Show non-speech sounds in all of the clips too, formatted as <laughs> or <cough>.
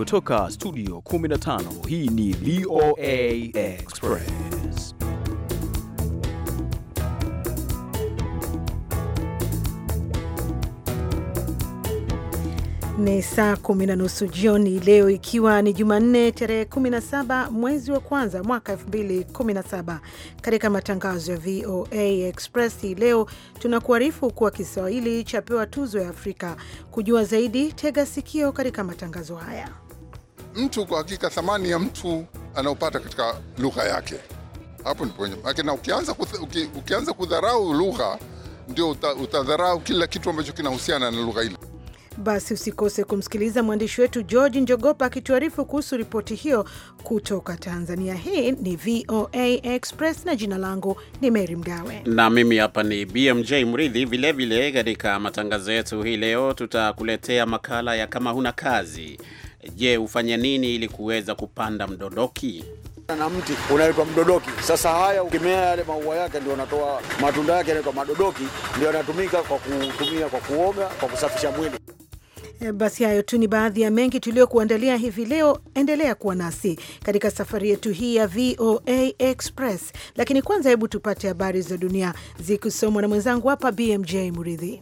Kutoka studio 15 hii ni VOA Express. Ni saa kumi na nusu jioni leo, ikiwa ni Jumanne tarehe 17 mwezi wa kwanza mwaka 2017. Katika matangazo ya VOA Express hii leo tunakuarifu kuwa Kiswahili chapewa tuzo ya Afrika. Kujua zaidi, tega sikio katika matangazo haya mtu kwa hakika, thamani ya mtu anaopata katika lugha yake, hapo ndipo yake. Na ukianza ukianza kudharau lugha, ndio utadharau kila kitu ambacho kinahusiana na lugha ile. Basi usikose kumsikiliza mwandishi wetu George Njogopa akituarifu kuhusu ripoti hiyo kutoka Tanzania. Hii ni VOA Express na jina langu ni Mary Mgawe na mimi hapa ni BMJ Mridhi. Vilevile katika matangazo yetu hii leo tutakuletea makala ya kama huna kazi Je, ufanye nini ili kuweza kupanda mdodoki? na mti unaitwa mdodoki. Sasa haya ukimea yale maua yake ndio anatoa matunda yake, yanaitwa madodoki, ndio yanatumika kwa kutumia, kwa kuoga, kwa kusafisha mwili. E, basi hayo tu ni baadhi ya mengi tuliyokuandalia hivi leo. Endelea kuwa nasi katika safari yetu hii ya VOA Express, lakini kwanza, hebu tupate habari za dunia zikisomwa na mwenzangu hapa BMJ Muridhi.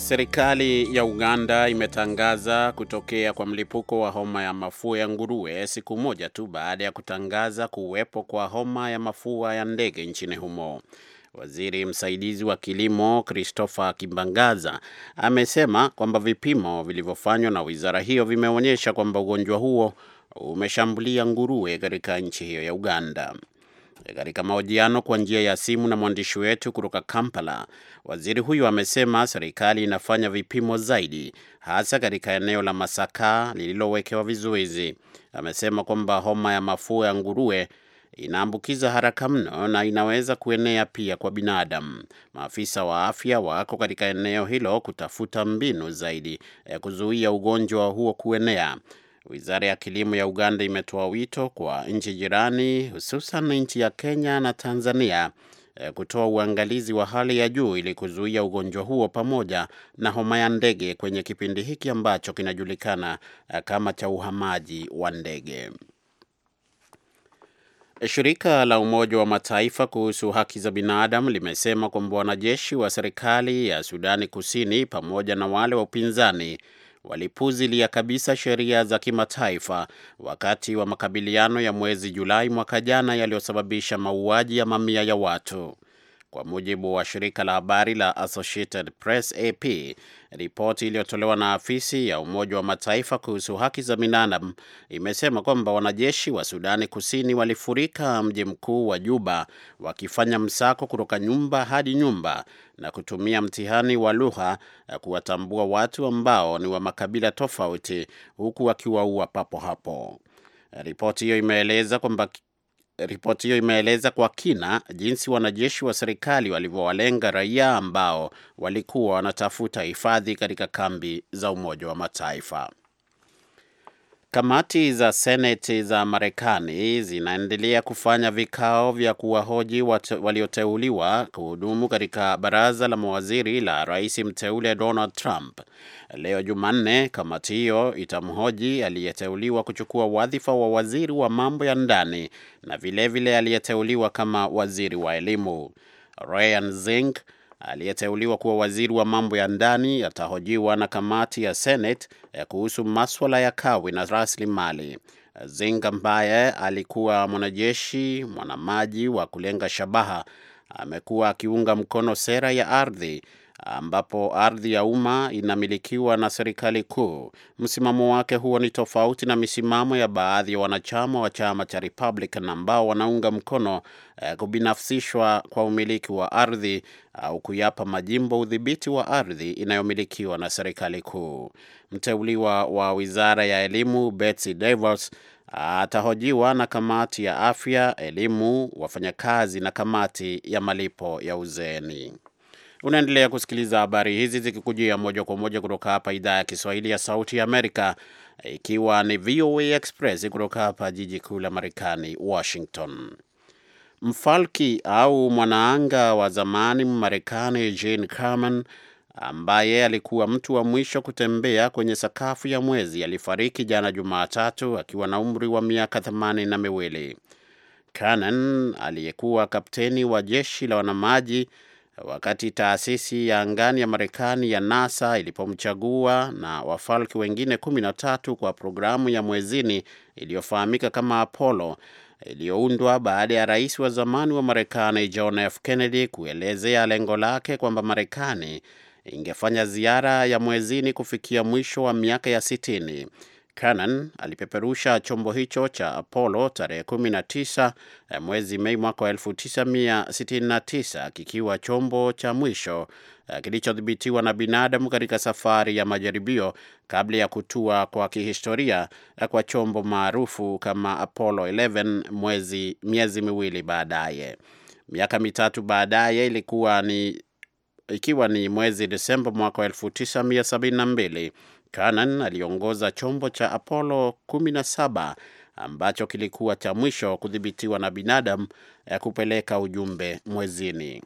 Serikali ya Uganda imetangaza kutokea kwa mlipuko wa homa ya mafua ya nguruwe siku moja tu baada ya kutangaza kuwepo kwa homa ya mafua ya ndege nchini humo. Waziri msaidizi wa kilimo Christopher Kimbangaza amesema kwamba vipimo vilivyofanywa na wizara hiyo vimeonyesha kwamba ugonjwa huo umeshambulia nguruwe katika nchi hiyo ya Uganda. Katika mahojiano kwa njia ya simu na mwandishi wetu kutoka Kampala, waziri huyu amesema serikali inafanya vipimo zaidi, hasa katika eneo la Masaka lililowekewa vizuizi. Amesema kwamba homa ya mafua ya nguruwe inaambukiza haraka mno na inaweza kuenea pia kwa binadamu. Maafisa wa afya wako katika eneo hilo kutafuta mbinu zaidi ya eh, kuzuia ugonjwa huo kuenea. Wizara ya kilimo ya Uganda imetoa wito kwa nchi jirani, hususan nchi ya Kenya na Tanzania eh, kutoa uangalizi wa hali ya juu ili kuzuia ugonjwa huo pamoja na homa ya ndege kwenye kipindi hiki ambacho kinajulikana eh, kama cha uhamaji wa ndege. Shirika la Umoja wa Mataifa kuhusu haki za binadamu limesema kwamba wanajeshi wa serikali ya Sudani Kusini pamoja na wale wa upinzani walipuzilia kabisa sheria za kimataifa wakati wa makabiliano ya mwezi Julai mwaka jana yaliyosababisha mauaji ya mamia ya watu kwa mujibu wa shirika la habari la Associated Press, AP. Ripoti iliyotolewa na afisi ya Umoja wa Mataifa kuhusu haki za binadamu imesema kwamba wanajeshi wa Sudani Kusini walifurika mji mkuu wa Juba wakifanya msako kutoka nyumba hadi nyumba na kutumia mtihani wa lugha ya kuwatambua watu ambao ni wa makabila tofauti huku wakiwaua papo hapo. Ripoti hiyo imeeleza kwamba Ripoti hiyo imeeleza kwa kina jinsi wanajeshi wa serikali walivyowalenga raia ambao walikuwa wanatafuta hifadhi katika kambi za Umoja wa Mataifa. Kamati za seneti za Marekani zinaendelea kufanya vikao vya kuwahoji walioteuliwa kuhudumu katika baraza la mawaziri la rais mteule Donald Trump. Leo Jumanne, kamati hiyo itamhoji aliyeteuliwa kuchukua wadhifa wa waziri wa mambo ya ndani na vilevile aliyeteuliwa kama waziri wa elimu Ryan Zink aliyeteuliwa kuwa waziri wa mambo ya ndani atahojiwa na kamati ya Senate eh, kuhusu maswala ya kawi na rasilimali. Zing ambaye alikuwa mwanajeshi mwanamaji wa kulenga shabaha amekuwa akiunga mkono sera ya ardhi ambapo ardhi ya umma inamilikiwa na serikali kuu. Msimamo wake huo ni tofauti na misimamo ya baadhi ya wanachama wa chama cha Republican ambao wanaunga mkono eh, kubinafsishwa kwa umiliki wa ardhi au kuyapa majimbo udhibiti wa ardhi inayomilikiwa na serikali kuu. Mteuliwa wa wizara ya elimu Betsy DeVos atahojiwa na kamati ya afya, elimu, wafanyakazi na kamati ya malipo ya uzeeni. Unaendelea kusikiliza habari hizi zikikujia moja kwa moja kutoka hapa idhaa ya Kiswahili ya Sauti ya Amerika, ikiwa ni VOA Express kutoka hapa jiji kuu la Marekani, Washington. Mfalki au mwanaanga wa zamani Mmarekani Jane Carman ambaye alikuwa mtu wa mwisho kutembea kwenye sakafu ya mwezi alifariki jana Jumatatu akiwa na umri wa miaka themanini na miwili. Canan aliyekuwa kapteni wa jeshi la wanamaji wakati taasisi ya angani ya Marekani ya NASA ilipomchagua na wafalki wengine 13 kwa programu ya mwezini iliyofahamika kama Apollo iliyoundwa baada ya rais wa zamani wa Marekani John F. Kennedy kuelezea lengo lake kwamba Marekani ingefanya ziara ya mwezini kufikia mwisho wa miaka ya sitini. Cannon alipeperusha chombo hicho cha Apollo tarehe 19 eh, mwezi Mei mwaka 1969 kikiwa chombo cha mwisho eh, kilichodhibitiwa na binadamu katika safari ya majaribio kabla ya kutua kwa kihistoria eh, kwa chombo maarufu kama Apollo 11 mwezi miezi miwili baadaye. Miaka mitatu baadaye ilikuwa ni ikiwa ni mwezi Desemba mwaka 1972 canan aliongoza chombo cha Apollo 17 ambacho kilikuwa cha mwisho kudhibitiwa na binadamu ya eh, kupeleka ujumbe mwezini.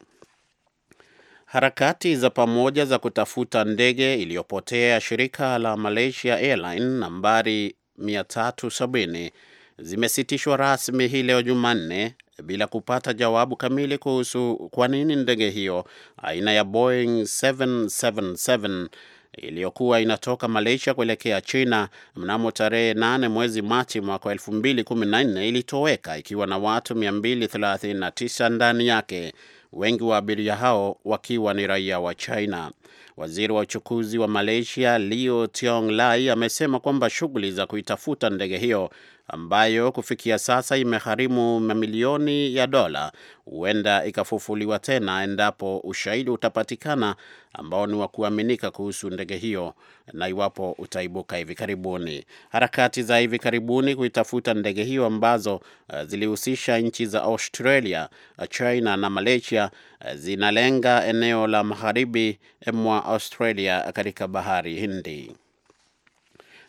Harakati za pamoja za kutafuta ndege iliyopotea shirika la Malaysia Airline nambari 370 zimesitishwa rasmi hii leo Jumanne bila kupata jawabu kamili kuhusu kwa nini ndege hiyo aina ya Boeing 777 iliyokuwa inatoka Malaysia kuelekea China mnamo tarehe 8 mwezi Machi mwaka 2014 ilitoweka ikiwa na watu 239 ndani yake, wengi wa abiria hao wakiwa ni raia wa China. Waziri wa uchukuzi wa Malaysia Leo Tiong Lai amesema kwamba shughuli za kuitafuta ndege hiyo ambayo kufikia sasa imegharimu mamilioni ya dola, huenda ikafufuliwa tena endapo ushahidi utapatikana ambao ni wa kuaminika kuhusu ndege hiyo na iwapo utaibuka hivi karibuni. Harakati za hivi karibuni kuitafuta ndege hiyo ambazo eh, zilihusisha nchi za Australia, eh, China na Malaysia eh, zinalenga eneo la magharibi mwa Australia katika bahari Hindi.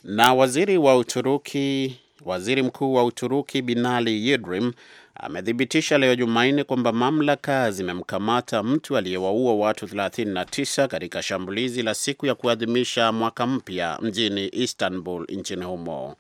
Na waziri wa Uturuki Waziri Mkuu wa Uturuki Binali Yildirim amethibitisha leo Jumanne kwamba mamlaka zimemkamata mtu aliyewaua watu 39 katika shambulizi la siku ya kuadhimisha mwaka mpya mjini Istanbul nchini humo.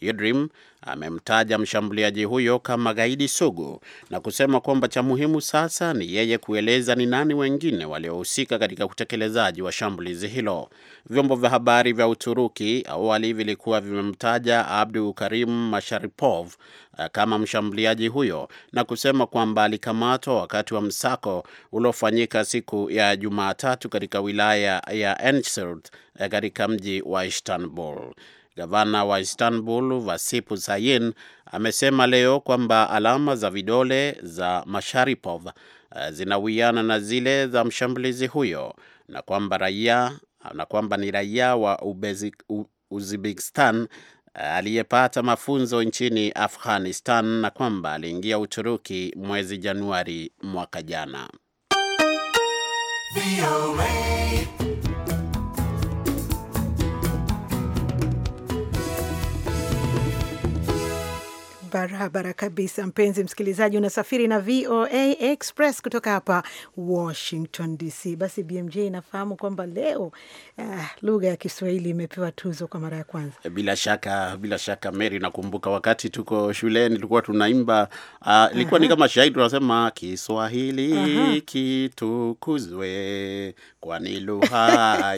Yildirim amemtaja mshambuliaji huyo kama gaidi sugu na kusema kwamba cha muhimu sasa ni yeye kueleza ni nani wengine waliohusika katika utekelezaji wa shambulizi hilo. Vyombo vya habari vya Uturuki awali vilikuwa vimemtaja Abdul Karim Masharipov eh, kama mshambuliaji huyo na kusema kwamba alikamatwa wakati wa msako uliofanyika siku ya Jumatatu katika wilaya ya Encird eh, katika mji wa Istanbul. Gavana wa Istanbul vasipu Sayin amesema leo kwamba alama za vidole za Masharipov eh, zinawiana na zile za mshambulizi huyo na kwamba raia na kwamba ni raia wa Uzbekistan eh, aliyepata mafunzo nchini Afghanistan na kwamba aliingia Uturuki mwezi Januari mwaka jana. Barabara kabisa, mpenzi msikilizaji, unasafiri na VOA Express kutoka hapa Washington DC. Basi BMJ inafahamu kwamba leo ah, lugha ya Kiswahili imepewa tuzo kwa mara ya kwanza. Eh, bila shaka, bila shaka Mary, nakumbuka wakati tuko shuleni tulikuwa tunaimba ah, ilikuwa ni kama shahidi, tunasema Kiswahili Aha. kitukuzwe, kwani lugha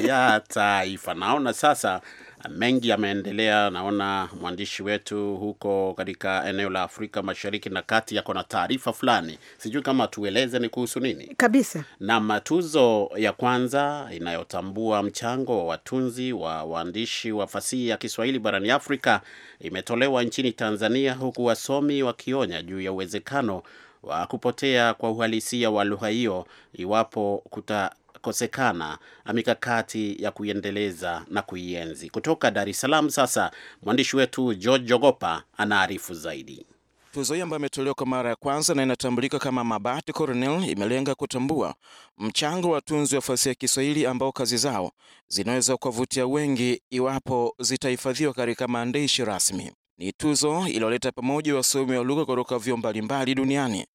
ya taifa. Naona sasa mengi yameendelea. Naona mwandishi wetu huko katika eneo la Afrika Mashariki na Kati yako na taarifa fulani, sijui kama tueleze ni kuhusu nini kabisa. Na tuzo ya kwanza inayotambua mchango wa watunzi wa waandishi wa fasihi ya Kiswahili barani Afrika imetolewa nchini Tanzania, huku wasomi wakionya juu ya uwezekano wa kupotea kwa uhalisia wa lugha hiyo iwapo kuta kukosekana mikakati ya kuiendeleza na kuienzi. Kutoka Dar es Salaam sasa mwandishi wetu George Jogopa anaarifu zaidi. Tuzo hii ambayo imetolewa kwa mara ya kwanza na inatambulika kama Mabati Cornell imelenga kutambua mchango wa tunzi wa fasihi ya Kiswahili ambao kazi zao zinaweza kuwavutia wengi iwapo zitahifadhiwa katika maandishi rasmi. Ni tuzo iliyoleta pamoja wasomi wa lugha kutoka vyuo mbalimbali duniani,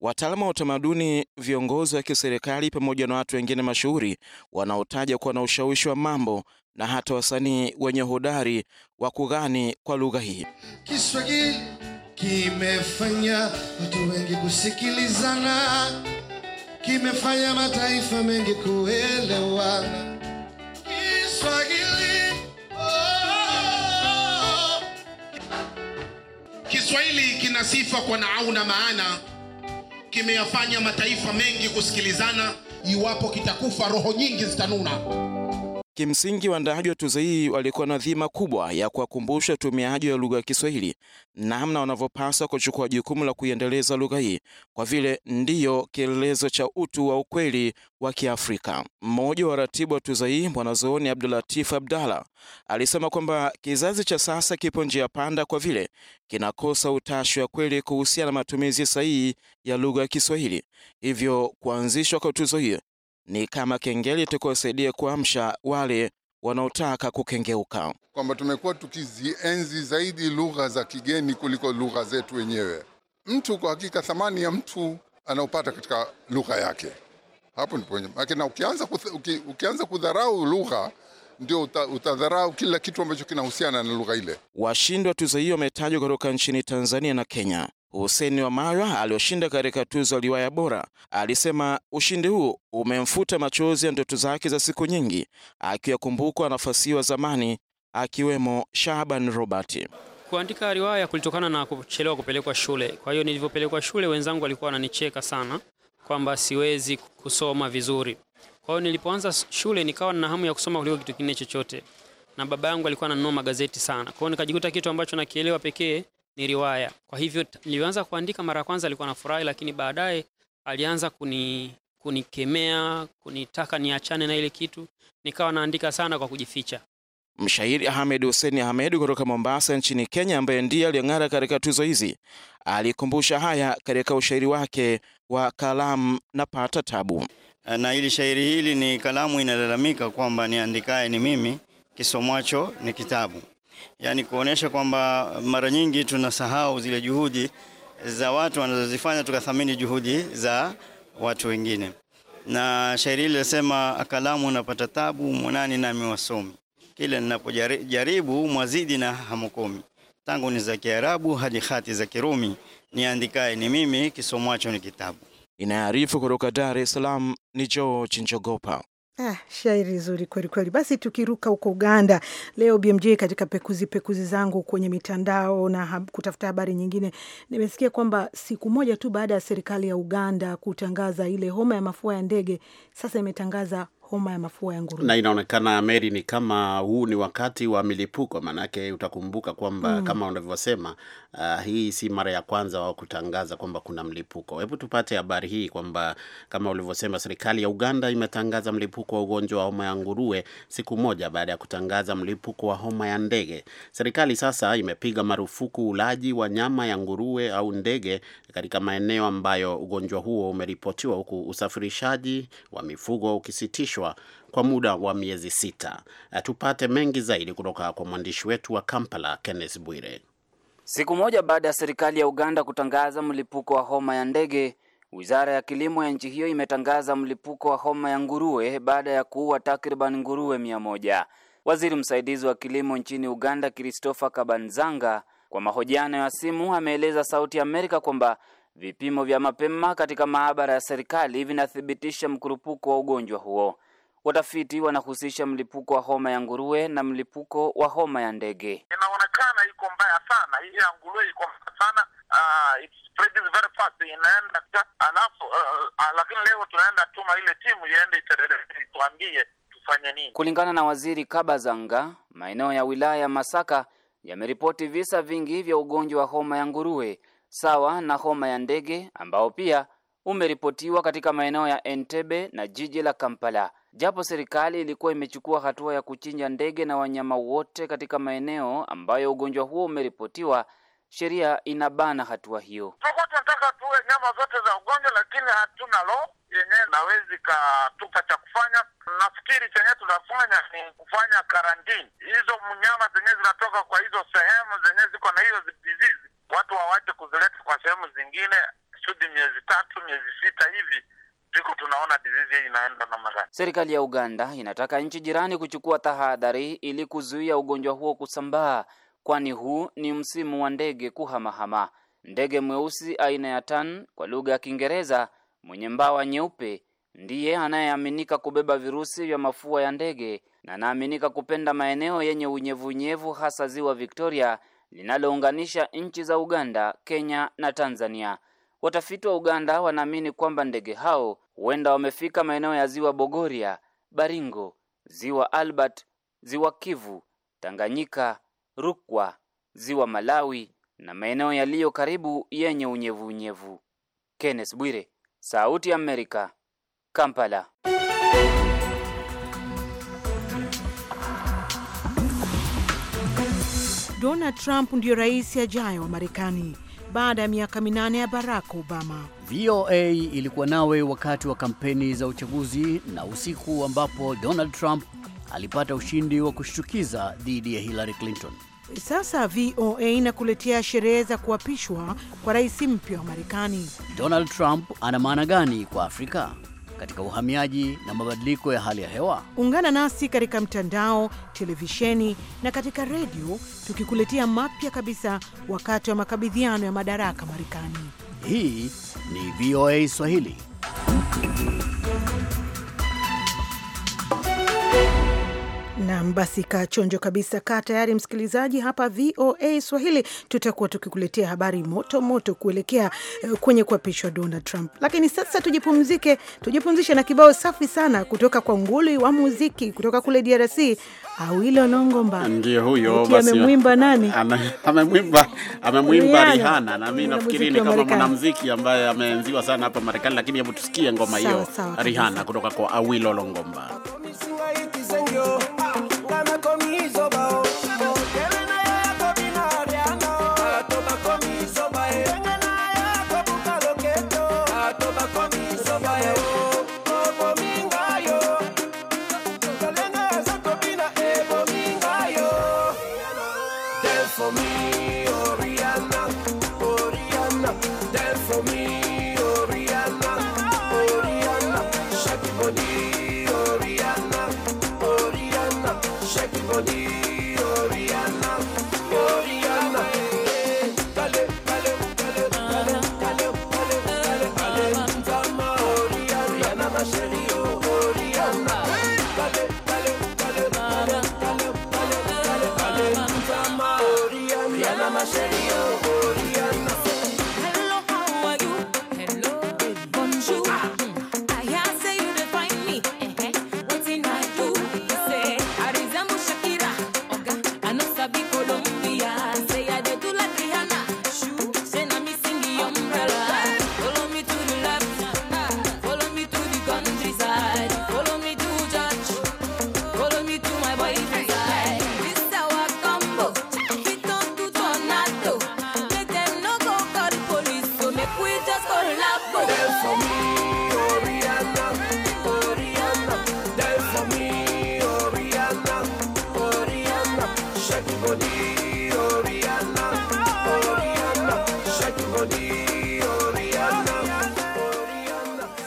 wataalamu wa utamaduni, viongozi wa kiserikali, pamoja na watu wengine mashuhuri wanaotaja kuwa na ushawishi wa mambo na hata wasanii wenye hodari wa kughani kwa lugha hii. Kiswahili kimefanya watu wengi kusikilizana, kimefanya mataifa mengi kuelewana. Kiswahili kina sifa kwa naau na maana, kimeyafanya mataifa mengi kusikilizana. Iwapo kitakufa, roho nyingi zitanuna. Kimsingi, waandaaji wa tuzo hii walikuwa na dhima kubwa ya kuwakumbusha watumiaji wa lugha ya Kiswahili namna wanavyopaswa kuchukua jukumu la kuiendeleza lugha hii, kwa vile ndiyo kielelezo cha utu wa ukweli wa Kiafrika. Mmoja wa ratibu wa tuzo hii, mwanazuoni Abdulatif Abdalla, alisema kwamba kizazi cha sasa kipo njia panda, kwa vile kinakosa utashi wa kweli kuhusiana na matumizi sahihi ya lugha ya Kiswahili, hivyo kuanzishwa kwa tuzo hiyo ni kama kengele tukiwasaidia kuamsha wale wanaotaka kukengeuka, kwamba tumekuwa tukizienzi zaidi lugha za kigeni kuliko lugha zetu wenyewe. Mtu kwa hakika, thamani ya mtu anaopata katika lugha yake, hapo ndipo na ukianza, uki, ukianza kudharau lugha ndio uta, utadharau kila kitu ambacho kinahusiana na lugha ile. Washindi wa tuzo hiyo wametajwa kutoka nchini Tanzania na Kenya. Hussein Wamalwa alioshinda katika tuzo riwaya bora alisema ushindi huo umemfuta machozi ya ndoto zake za siku nyingi, akiyakumbukwa nafasi wa zamani, akiwemo Shaban Robert. Kuandika riwaya kulitokana na kuchelewa kupelekwa shule. Kwa hiyo nilivyopelekwa shule, wenzangu walikuwa wananicheka sana kwamba siwezi kusoma vizuri. Kwa hiyo nilipoanza shule, nikawa na hamu ya kusoma kuliko kitu kingine chochote, na baba yangu alikuwa ananunua magazeti sana. Kwa hiyo nikajikuta kitu ambacho nakielewa pekee ni riwaya. Kwa hivyo nilianza kuandika, mara ya kwanza alikuwa furahi lakini baadaye alianza kuni kunikemea, kunitaka niachane na ile kitu, nikawa naandika sana kwa kujificha. Mshairi Ahmed Hussein Ahmed kutoka Mombasa nchini Kenya, ambaye ndiye aliyong'ara katika tuzo hizi, alikumbusha haya katika ushairi wake wa Kalamu na Pata Tabu. Na ili shairi hili ni kalamu inalalamika kwamba niandikaye ni mimi, kisomwacho ni kitabu yani kuonesha kwamba mara nyingi tunasahau zile juhudi za watu wanazozifanya, tukathamini juhudi za watu wengine. Na shairi hili linasema, akalamu napata tabu mwanani nami wasomi, kila ninapojaribu mwazidi na hamukomi, tangu ni za Kiarabu hadi hati za Kirumi, niandikaye ni mimi, kisomwacho ni kitabu. Inaarifu kutoka Dar es Salaam ni George chinchogopa Ah, shairi zuri kweli kweli. Basi tukiruka huko Uganda leo, BMJ, katika pekuzi pekuzi zangu kwenye mitandao na hab, kutafuta habari nyingine, nimesikia kwamba siku moja tu baada ya serikali ya Uganda kutangaza ile homa ya mafua ya ndege, sasa imetangaza homa ya mafua ya nguruwe. Na inaonekana Mary, ni kama huu ni wakati wa milipuko, maanake utakumbuka kwamba mm, kama unavyosema, uh, hii si mara ya kwanza wao kutangaza kwamba kuna mlipuko. Hebu tupate habari hii kwamba kama ulivyosema, serikali ya Uganda imetangaza mlipuko wa ugonjwa wa homa ya nguruwe siku moja baada ya kutangaza mlipuko wa homa ya ndege. Serikali sasa imepiga marufuku ulaji wa nyama ya nguruwe au ndege katika maeneo ambayo ugonjwa huo umeripotiwa, huku usafirishaji wa mifugo ukisitishwa kusitishwa kwa muda wa miezi sita. Eh, tupate mengi zaidi kutoka kwa mwandishi wetu wa Kampala, Kenneth Bwire. Siku moja baada ya serikali ya Uganda kutangaza mlipuko wa homa ya ndege, wizara ya kilimo ya nchi hiyo imetangaza mlipuko wa homa ya nguruwe baada ya kuua takriban nguruwe mia moja. Waziri msaidizi wa kilimo nchini Uganda, Christopher Kabanzanga, kwa mahojiano ya simu ameeleza Sauti Amerika kwamba vipimo vya mapema katika maabara ya serikali vinathibitisha mkurupuko wa ugonjwa huo. Watafiti wanahusisha mlipuko wa homa ya nguruwe na mlipuko wa homa ya ndege. Inaonekana iko mbaya sana, hii ya nguruwe iko mbaya sana, uh, ah, it's very fast, inaenda alafu, uh, lakini leo tunaenda tuma ile timu iende ituambie tufanye nini. Kulingana na waziri Kabazanga, maeneo ya wilaya ya Masaka yameripoti visa vingi vya ugonjwa wa homa ya nguruwe sawa na homa ya ndege ambao pia umeripotiwa katika maeneo ya Entebbe na jiji la Kampala. Japo serikali ilikuwa imechukua hatua ya kuchinja ndege na wanyama wote katika maeneo ambayo ugonjwa huo umeripotiwa, sheria inabana hatua hiyo. tunataka tuwe nyama zote za ugonjwa, lakini hatuna lo yenyewe nawezi katupa cha kufanya. Nafikiri chenye tunafanya ni kufanya karantini hizo mnyama zenye zinatoka kwa hizo sehemu zenye ziko na hiyo disease, watu wawache kuzileta kwa sehemu zingine kusudi miezi tatu miezi sita hivi ndiko tunaona disease inaenda namna gani. Serikali ya Uganda inataka nchi jirani kuchukua tahadhari ili kuzuia ugonjwa huo kusambaa, kwani huu ni msimu wa ndege kuhamahama. Ndege mweusi aina ya tan kwa lugha ya Kiingereza mwenye mbawa nyeupe ndiye anayeaminika kubeba virusi vya mafua ya ndege na anaaminika kupenda maeneo yenye unyevunyevu, hasa ziwa Victoria linalounganisha nchi za Uganda, Kenya na Tanzania. Watafiti wa Uganda wanaamini kwamba ndege hao huenda wamefika maeneo ya Ziwa Bogoria, Baringo, Ziwa Albert, Ziwa Kivu, Tanganyika, Rukwa, Ziwa Malawi na maeneo yaliyo karibu yenye unyevu unyevu Kenneth Bwire, Sauti ya Amerika, Kampala. Donald Trump ndiyo rais ajayo wa Marekani baada ya miaka minane ya Barack Obama. VOA ilikuwa nawe wakati wa kampeni za uchaguzi na usiku ambapo Donald Trump alipata ushindi wa kushtukiza dhidi ya Hillary Clinton. Sasa VOA inakuletea sherehe za kuapishwa kwa rais mpya wa Marekani. Donald Trump ana maana gani kwa Afrika? katika uhamiaji na mabadiliko ya hali ya hewa. Ungana nasi katika mtandao, televisheni na katika redio tukikuletea mapya kabisa wakati wa makabidhiano ya madaraka Marekani. Hii ni VOA Swahili. Nam, basi kaa chonjo kabisa, kaa tayari msikilizaji. Hapa VOA Swahili tutakuwa tukikuletea habari moto moto kuelekea eh, kwenye kuapishwa Donald Trump, lakini sasa tujipumzike, tujipumzishe na kibao safi sana kutoka kwa nguli wa muziki kutoka kule DRC Awilo Longomba. Ndio huyo basi, amemwimba nani? Amemwimba, ame Rihana, na mi nafikiri ni kama mwanamziki ambaye ameenziwa sana hapa Marekani, lakini hebu tusikie ngoma hiyo Rihana kutoka kwa Awilo Longomba.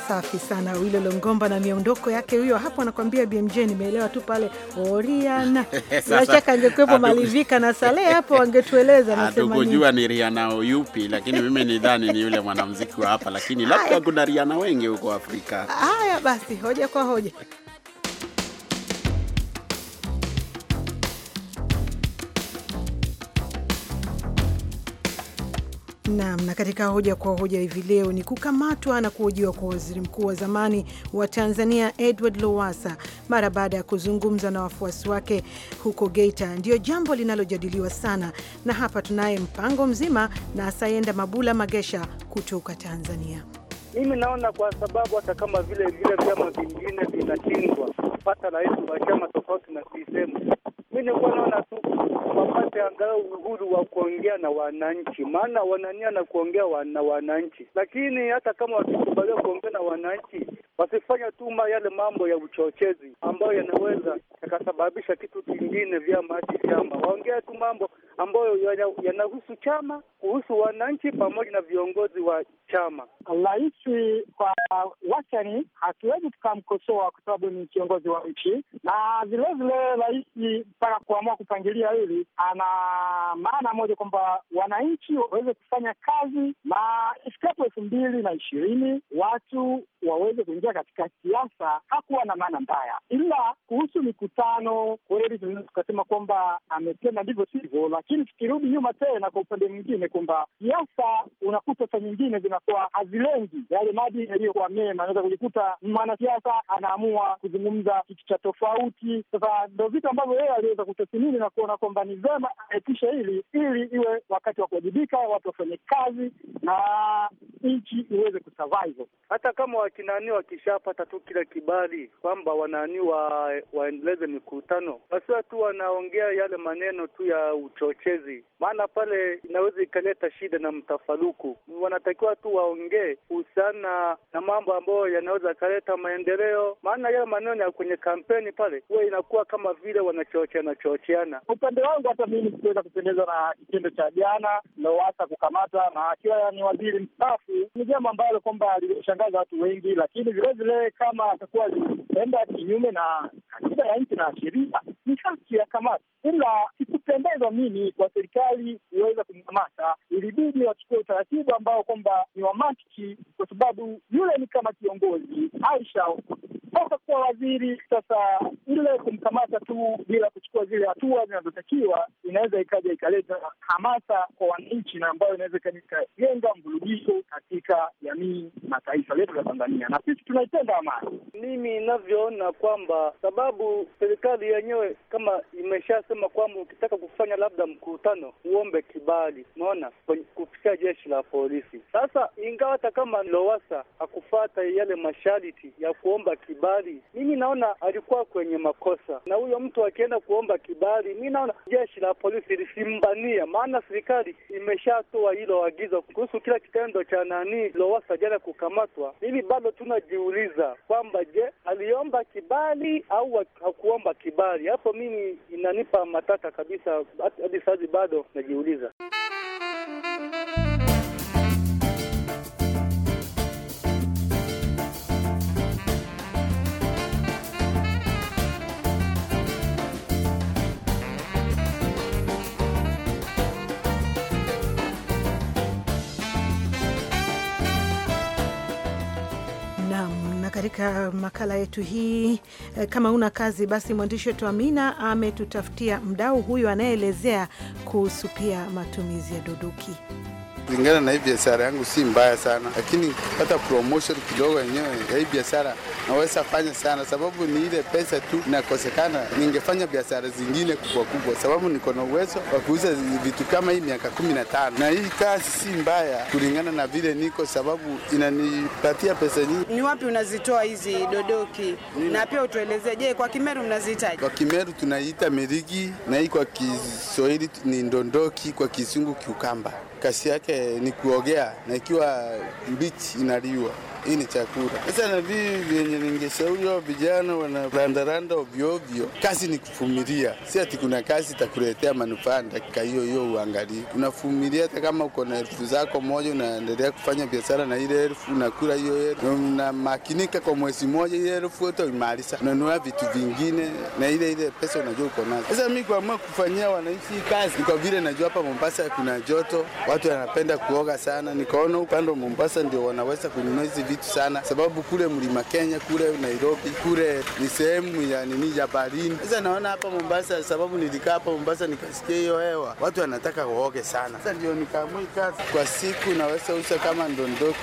Safi sana Wilo Longomba na miondoko yake huyo hapo, anakwambia BMJ, nimeelewa tu pale Oriana <laughs> shaka angekuwepo Malivika na Sale hapo wangetueleza, tukujua ni Riana yupi, lakini mimi nidhani ni yule mwanamuziki wa hapa, lakini labda kuna Riana wengi huko Afrika. Haya basi, hoja kwa hoja. Naam, na katika hoja kwa hoja hivi leo ni kukamatwa na kuhojiwa kwa waziri mkuu wa zamani wa Tanzania Edward Lowassa mara baada ya kuzungumza na wafuasi wake huko Geita, ndiyo jambo linalojadiliwa sana, na hapa tunaye mpango mzima na Asayenda Mabula Magesha kutoka Tanzania. Mimi naona kwa sababu hata kama vile vile vyama vingine vinashindwa kupata rais wa chama tofauti na sisemu mi nilikuwa naona tu wapate angalau uhuru wa kuongea na wananchi, maana wanania na kuongea na wananchi. Lakini hata kama wakikubaliwa kuongea na wananchi, wasifanya tu yale mambo ya uchochezi ambayo yanaweza yakasababisha kitu kingine, vyama hati vyama, waongea tu mambo ambayo yanahusu chama kuhusu wananchi pamoja na viongozi wa chama. Rais kwa wastani hatuwezi tukamkosoa kwa sababu ni kiongozi wa nchi, na vilevile rais mpaka kuamua kupangilia hili, ana maana moja kwamba wananchi waweze kufanya kazi na ifikapo elfu mbili na ishirini watu waweze kuingia katika siasa. Hakuwa na maana mbaya, ila kuhusu mikutano, kweli tunaweza tukasema kwamba ametenda ndivyo sivyo, lakini tukirudi nyuma tena, kwa upande mwingine kwamba siasa unakuta saa nyingine zinakuwa hazilengi yale maadili yaliyokuwa mema. Unaweza kujikuta mwanasiasa anaamua kuzungumza kitu cha tofauti. Sasa ndo vitu ambavyo yeye aliweza kutathimini na kuona kwamba ni vema aepishe hili, ili iwe wakati wa kuwajibika, watu wafanye kazi na nchi iweze kusurvive. Hata kama wakinani wakishapata tu kila kibali kwamba wanani wa, waendeleze mikutano, wasiwa tu wanaongea yale maneno tu ya uchochezi, maana pale inaweza italeta shida na mtafaruku. Wanatakiwa tu waongee kuhusiana na mambo ambayo yanaweza kaleta maendeleo, maana yale maneno ya kwenye kampeni pale huwa inakuwa kama vile wanachocheana chocheana. Upande wangu hata mimi sikuweza kupendezwa na kitendo cha jana Lowasa kukamata na akiwa ni waziri mstaafu, ni jambo ambalo kwamba lilishangaza watu wengi, lakini vilevile kama atakuwa alienda kinyume na katiba ya nchi na sheria, ni haki ya kamata, ila sikupendezwa mimi kwa serikali kuweza kumkamata na ilibidi wachukue utaratibu ambao kwamba ni wa mantiki, kwa sababu yule ni kama kiongozi Aisha sasa kuwa waziri. Sasa ile kumkamata tu bila kuchukua zile hatua zinazotakiwa inaweza ikaja ikaleta hamasa kwa wananchi, na ambayo inaweza ikajenga mvurugiko katika jamii na taifa letu la Tanzania, na sisi tunaipenda amani. Mimi ninavyoona kwamba sababu serikali yenyewe kama imeshasema kwamba ukitaka kufanya labda mkutano uombe kibali, unaona, kupitia jeshi la polisi. Sasa ingawa hata kama Lowasa hakufata yale masharti ya kuomba kibali, mimi naona alikuwa kwenye makosa, na huyo mtu akienda kuomba kibali, mimi naona jeshi la polisi lisimbania, maana serikali imeshatoa hilo agizo kuhusu kila kitendo cha nani Lowasa jana kukamatwa, mimi bado tunajiuliza kwamba je, aliomba kibali au hakuomba kibali? Hapo mimi inanipa matata kabisa, hadi sasa bado najiuliza. katika makala yetu hii. Eh, kama una kazi basi, mwandishi wetu Amina ametutafutia mdau huyu anayeelezea kuhusu pia matumizi ya duduki kulingana na hii biashara yangu si mbaya sana, lakini hata promotion kidogo yenyewe ya hii biashara naweza fanya sana, sababu ni ile pesa tu inakosekana. Ningefanya biashara zingine kubwa kubwa, sababu niko na uwezo wa kuuza vitu kama hii miaka kumi na tano, na hii kazi si mbaya kulingana na vile niko, sababu inanipatia pesa nyingi. Ni wapi unazitoa hizi dodoki? Nino. Na pia utueleze, je, kwa Kimeru mnazita Kwa Kimeru tunaiita merigi na hii kwa Kiswahili ni ndondoki, kwa Kisungu kiukamba kasi yake ni kuogea na ikiwa mbichi inaliwa. Hii ni chakula. Sasa na vii vyenye ningeshauri ao vijana wanarandaranda ovyoovyo, kazi ni kufumilia, si ati kuna kazi itakuletea manufaa dakika hiyo hiyo. Uangalie, unafumilia hata kama uko na elfu zako moja, unaendelea kufanya biashara na ile elfu unakula hiyo elfu, unamakinika kwa mwezi moja, ile elfu yote uimarisha, unanua vitu vingine na ile ile pesa unajua uko nazo. Sasa mi kuamua kufanyia wananchi kazi, kwa vile najua hapa Mombasa kuna joto watu wanapenda kuoga sana. Nikaona upande wa Mombasa ndio wanaweza kununua hizi vitu sana, sababu kule mlima Kenya, kule Nairobi, kule ni sehemu ya nini ya barini. Sasa naona hapa Mombasa, sababu nilikaa hapa Mombasa nikasikia hiyo hewa, watu wanataka waoge sana. Sasa ndio nikaamua kazi, kwa siku naweza uza kama ndondoki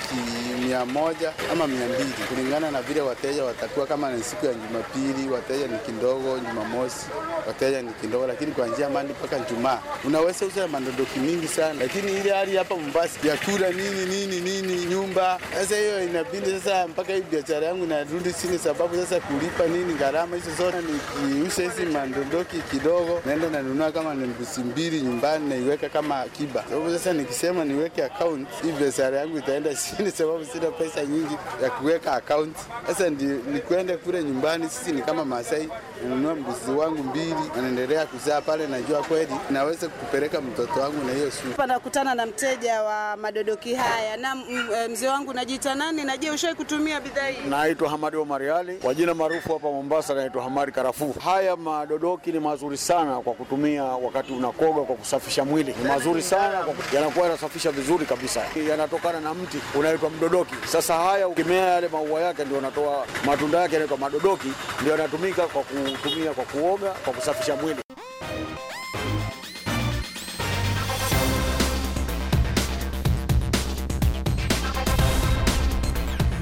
mia moja ama mia mbili kulingana na vile wateja watakuwa. Kama ni siku ya Jumapili wateja ni kidogo, Jumamosi wateja ni kidogo, lakini kuanzia Mandi mpaka Jumaa unaweza uza mandondoki mingi sana, lakini ile hali hapa Mombasa, vyakula nini nini nini, nyumba. Sasa hiyo inabidi sasa mpaka hii biashara yangu narudi chini, sababu sasa kulipa nini gharama hizo zote, nikiusha hizi mandondoki kidogo, naenda nanunua kama ni mbuzi mbili nyumbani, naiweka kama akiba, sababu sasa nikisema niweke account hii biashara yangu itaenda <laughs> chini, sababu sina pesa nyingi ya kuweka account. Sasa ndio nikwende kule nyumbani, sisi ni kama Masai kununua mbuzi wangu mbili, anaendelea kuzaa pale, najua kweli naweza kupeleka mtoto wangu na hiyo shule. Panakutana na mteja wa madodoki haya na mm, eh, mzee wangu, najiita nani na je, ushawahi kutumia bidhaa hii? Naitwa Hamadi Omari Ali, kwa jina maarufu hapa Mombasa naitwa Hamadi Karafuu. Haya madodoki ni mazuri sana kwa kutumia wakati unakoga, kwa kusafisha mwili, ni mazuri sana kwa yanakuwa yanasafisha vizuri kabisa, yanatokana na mti unaitwa mdodoki. Sasa haya ukimea yale maua yake ndio natoa matunda yake, yanaitwa madodoki, ndio yanatumika kwa ku kutumia kwa kuoga, kwa kusafisha mwili.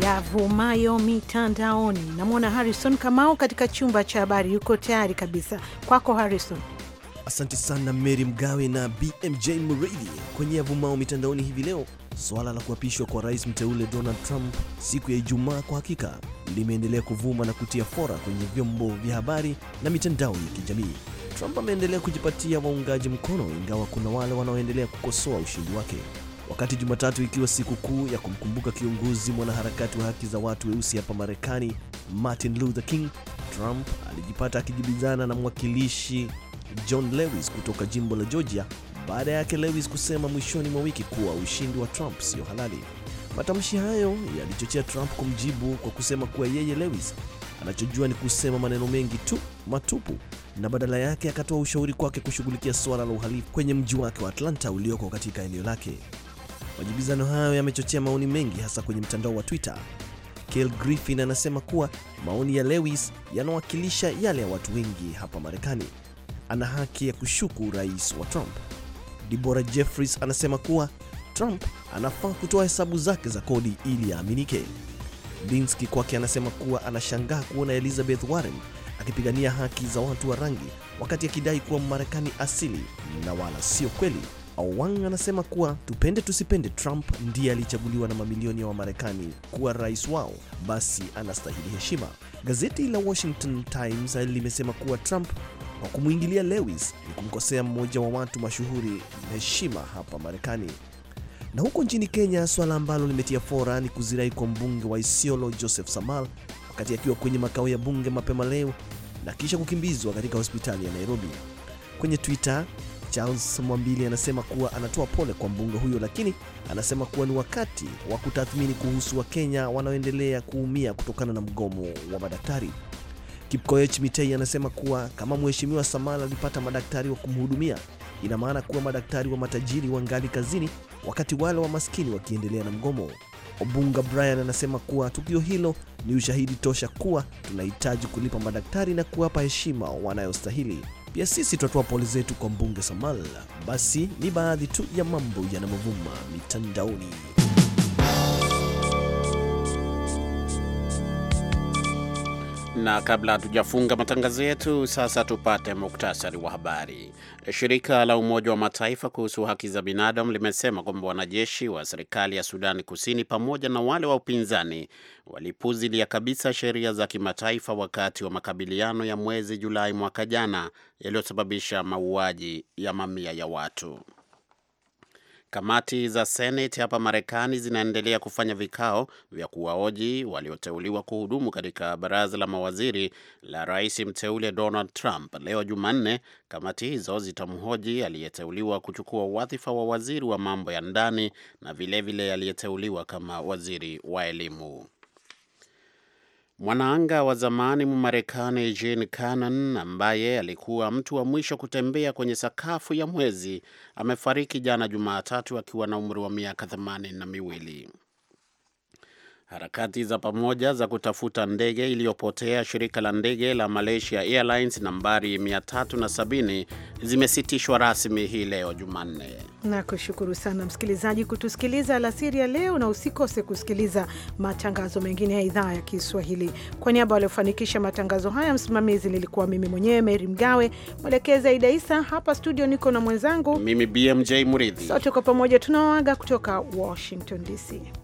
Yavumayo mitandaoni. Namwona Harrison Kamau katika chumba cha habari, yuko tayari kabisa. Kwako Harrison. Asante sana Mary Mgawe na BMJ Muridi kwenye Yavumao mitandaoni hivi leo. Suala la kuapishwa kwa rais mteule Donald Trump siku ya Ijumaa kwa hakika limeendelea kuvuma na kutia fora kwenye vyombo vya habari na mitandao ya kijamii. Trump ameendelea kujipatia waungaji mkono, ingawa kuna wale wanaoendelea kukosoa ushindi wake. Wakati Jumatatu ikiwa siku kuu ya kumkumbuka kiongozi mwanaharakati wa haki za watu weusi hapa Marekani, Martin Luther King, Trump alijipata akijibizana na mwakilishi John Lewis kutoka jimbo la Georgia baada yake Lewis kusema mwishoni mwa wiki kuwa ushindi wa Trump sio halali. Matamshi hayo yalichochea Trump kumjibu kwa kusema kuwa yeye Lewis anachojua ni kusema maneno mengi tu matupu, na badala yake akatoa ushauri kwake kushughulikia suala la uhalifu kwenye mji wake wa Atlanta ulioko katika eneo lake. Majibizano hayo yamechochea maoni mengi, hasa kwenye mtandao wa Twitter. Kel Griffin anasema kuwa maoni ya Lewis yanawakilisha yale ya watu wengi hapa Marekani. Ana haki ya kushuku rais wa Trump. Deborah Jeffries anasema kuwa Trump anafaa kutoa hesabu zake za kodi ili aaminike. Linsky kwake anasema kuwa anashangaa kuona Elizabeth Warren akipigania haki za watu wa rangi wakati akidai kuwa Marekani asili na wala sio kweli. Owang anasema kuwa tupende tusipende, Trump ndiye alichaguliwa na mamilioni ya Wamarekani kuwa rais wao, basi anastahili heshima. Gazeti la Washington Times limesema kuwa Trump wa kumwingilia Lewis ni kumkosea mmoja wa watu mashuhuri heshima hapa Marekani. Na huko nchini Kenya, swala ambalo limetia fora ni kuzirai kwa mbunge wa Isiolo Joseph Samal wakati akiwa kwenye makao ya bunge mapema leo na kisha kukimbizwa katika hospitali ya Nairobi. Kwenye Twitter, Charles Mwambili anasema kuwa anatoa pole kwa mbunge huyo, lakini anasema kuwa ni wakati wa kutathmini kuhusu Wakenya wanaoendelea kuumia kutokana na mgomo wa madaktari. Kipkoech Mitei anasema kuwa kama Mheshimiwa Samala alipata madaktari wa kumhudumia, ina maana kuwa madaktari wa matajiri wangali kazini, wakati wale wa maskini wakiendelea na mgomo. Obunga Brian anasema kuwa tukio hilo ni ushahidi tosha kuwa tunahitaji kulipa madaktari na kuwapa heshima wanayostahili. Pia sisi tutatoa pole zetu kwa mbunge Samala. Basi ni baadhi tu ya mambo yanayovuma mitandaoni. Na kabla hatujafunga matangazo yetu, sasa tupate muktasari wa habari. Shirika la Umoja wa Mataifa kuhusu haki za binadamu limesema kwamba wanajeshi wa serikali ya Sudani Kusini pamoja na wale wa upinzani walipuzilia kabisa sheria za kimataifa wakati wa makabiliano ya mwezi Julai mwaka jana yaliyosababisha mauaji ya mamia ya watu. Kamati za Senate hapa Marekani zinaendelea kufanya vikao vya kuwaoji walioteuliwa kuhudumu katika baraza la mawaziri la rais mteule Donald Trump. Leo Jumanne, kamati hizo zitamhoji aliyeteuliwa kuchukua wadhifa wa waziri wa mambo ya ndani na vilevile aliyeteuliwa kama waziri wa elimu. Mwanaanga wa zamani Mmarekani Gene canan ambaye alikuwa mtu wa mwisho kutembea kwenye sakafu ya mwezi amefariki jana Jumatatu akiwa na umri wa miaka themanini na miwili. Harakati za pamoja za kutafuta ndege iliyopotea shirika la ndege la Malaysia Airlines nambari 370 zimesitishwa rasmi hii leo Jumanne. Nakushukuru sana msikilizaji kutusikiliza alasiri ya leo, na usikose kusikiliza matangazo mengine ya idhaa ya Kiswahili. Kwa niaba waliofanikisha matangazo haya, msimamizi nilikuwa mimi mwenyewe Meri Mgawe, mwelekezi Aida Isa. Hapa studio niko na mwenzangu mimi BMJ Muridhi. Sote kwa pamoja tunawaaga kutoka Washington DC.